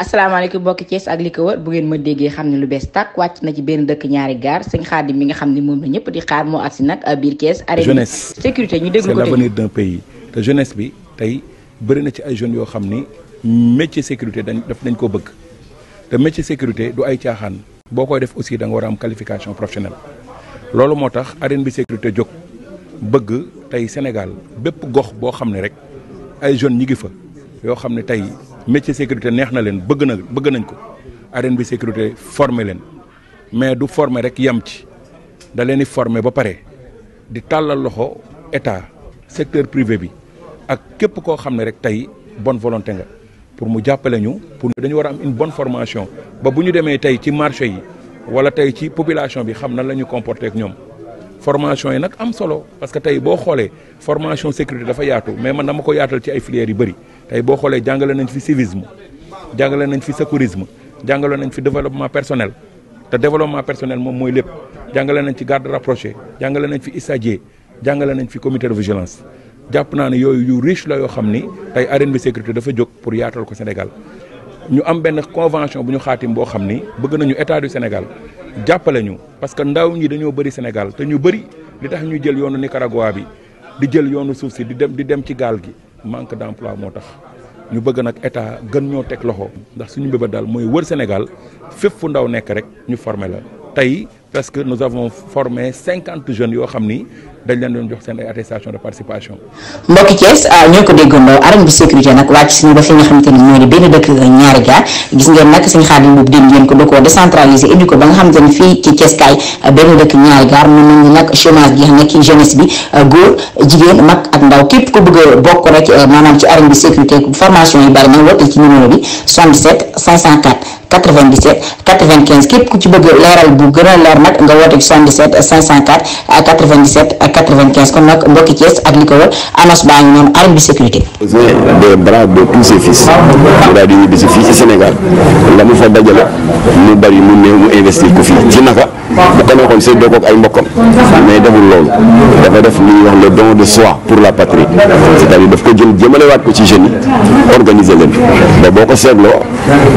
asalaamaaleykum mbokki Thiès ak li ko wër bu ngeen ma déggee xam ne lu bees tàkk wàcc na ci benn dëkk ñaari gaar sëñ Xaadim mi nga xam ni moom la ñëpp di xaar moo agsi nag euh, biir Thiès arène jeunesse sécurité ñu déglu ko c'est l'avenir d'un pays te jeunesse bi tey bëri na ci ay jeunes yoo xam ni métier sécurité dañ daf dañ ko bëgg te métier sécurité du ay caaxaan boo koy def aussi da nga war am qualification professionnelle loolu moo tax arène bi sécurité jóg bëgg tey Sénégal bépp gox boo xam ne rek ay jeunes ñi ngi fa yoo xam ne tey métier sécurité neex na leen bëgg na bëgg nañ ko arène bi sécurité former leen mais du former rek yam ci da leen di former ba pare di tàllal loxo état secteur privé bi ak képp koo xam ne rek tey bon volonté nga pour mu jàppale ñu pour dañu war a am une bonne formation ba bu ñu demee tey ci marché yi wala tey ci population bi xam na la ñu comporté ak ñoom formation yi nag am solo parce que tey boo xoolee formation sécurité dafa yaatu mais man dama ko yaatal ci ay filières yu bëri tey boo xoolee jàngale nañ fi civisme jàngale nañ fi secourisme jàngale nañ fi développement personnel te développement personnel moom mooy lépp jàngale nañ ci garde rapproché jàngale nañ fi ISAG jàngale nañ fi comité de vigilance jàpp naa ne yooyu yu rich la yoo xam ni tey arène bi sécurité dafa jóg pour yaatal ko Sénégal ñu am benn convention bu ñu xaatim boo xam ni bëgg nañu état du Sénégal jàppale ñu parce que ndaw ñi dañoo bari Sénégal te bëri li tax ñu jël yoonu Nicaragua bi di jël yoonu suuf si di dem di dem ci gaal gi manque d'emploi moo tax ñu bëgg nag état gën ñoo teg loxo ndax suñu mbébét daal mooy wër Sénégal fépp fu ndaw nekk rek ñu former la tey parce que nous avons formé cinquante jeunes yoo xam ni dañ leen doon jox seen ay attestation de participation. mbokki Thiès ah, ñoo ko déggandoo ah, arène bu sécurité nag wàcc suñu ba fi nga xamante ko da koo décentralisé indi ko ba nga xamante ni fii ci Thiès kaay ah, benn dëkk ñaari gaar mën nañu nag chômage gi nekk jeunesse bi góor jigéen mag ak ndaw képp ku bëgg bokk rek eh, maanaam ci arène bu sécurité formation yi bari na woote ci numéro bi 97 95 képp ku ci bëgg leeral bu gën a leer nag nga woote 77 504 97 95 kon nag mbokki Thiès ak li de mu daal di ci Sénégal la mu fa dajale mu bari mu néew mu investir ko ci naka. bu ko neexoon séddoo koog ay mbokkam mais deful loolu dafa def li wax le don de soi pour la patrie c'est-à-dire daf ko jël jëmalewaat ko ci jeunes yi organiser leen ba boo ko seetloo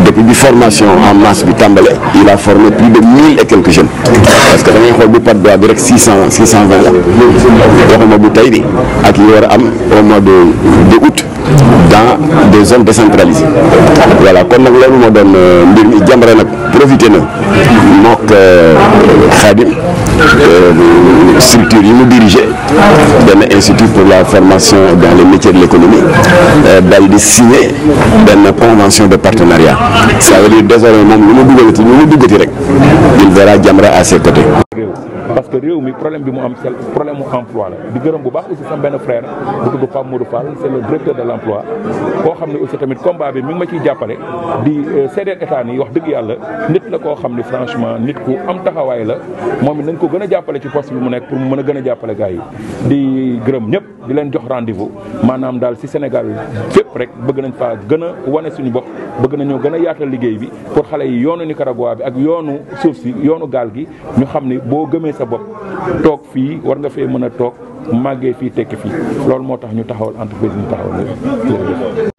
depuis bi formation. formation en masse bi tàmbale il a forme plus de mille et quelques jeunes parce que da ngay xool bu Patte d'Oie bi rek six cent six la waxuma bu tey bi ak yi war am au mois de de août dans des de décentralisées voilà kon nag loolu moo doon euh, mbir mi Jamra nag profité na mook Xaadim euh, structure yi mu dirigé benn institut pour la formation dans les métiers de l'économie euh, dal di signé benn convention de partenariat ça veut dire désormais moom lu mu dugalati lu mu duggati rek il verra Jamra à ses côtés parce que réew mi problème bi mu am c'est problème emploi la di gërëm bu baax aussi sama benn frère bu tudd Pape Modou Fall c'est le directeur de l'emploi koo xam ne aussi tamit combat bi mi ngi ma ciy jàppale di euh, seedeel état ni wax dëgg yàlla nit la koo xam ne franchement nit ku am taxawaay la moom it nañ ko gën a jàppale ci poste bi mu nekk pour mu mën a gën a jàppale gars yi di gërëm ñëpp di leen jox rendez-vous maanaam daal si Sénégal fépp rek bëgg nañ faa gën a wane suñu bopp bëgg nañoo gën a yaatal liggéey bi pour xale yi yoonu Nicaragua bi ak yoonu suuf si yoonu gaal gi bopp toog fii war nga fee mën a toog màggee fii tekki fii loolu moo tax ñu taxawal entreprise ñu taxawal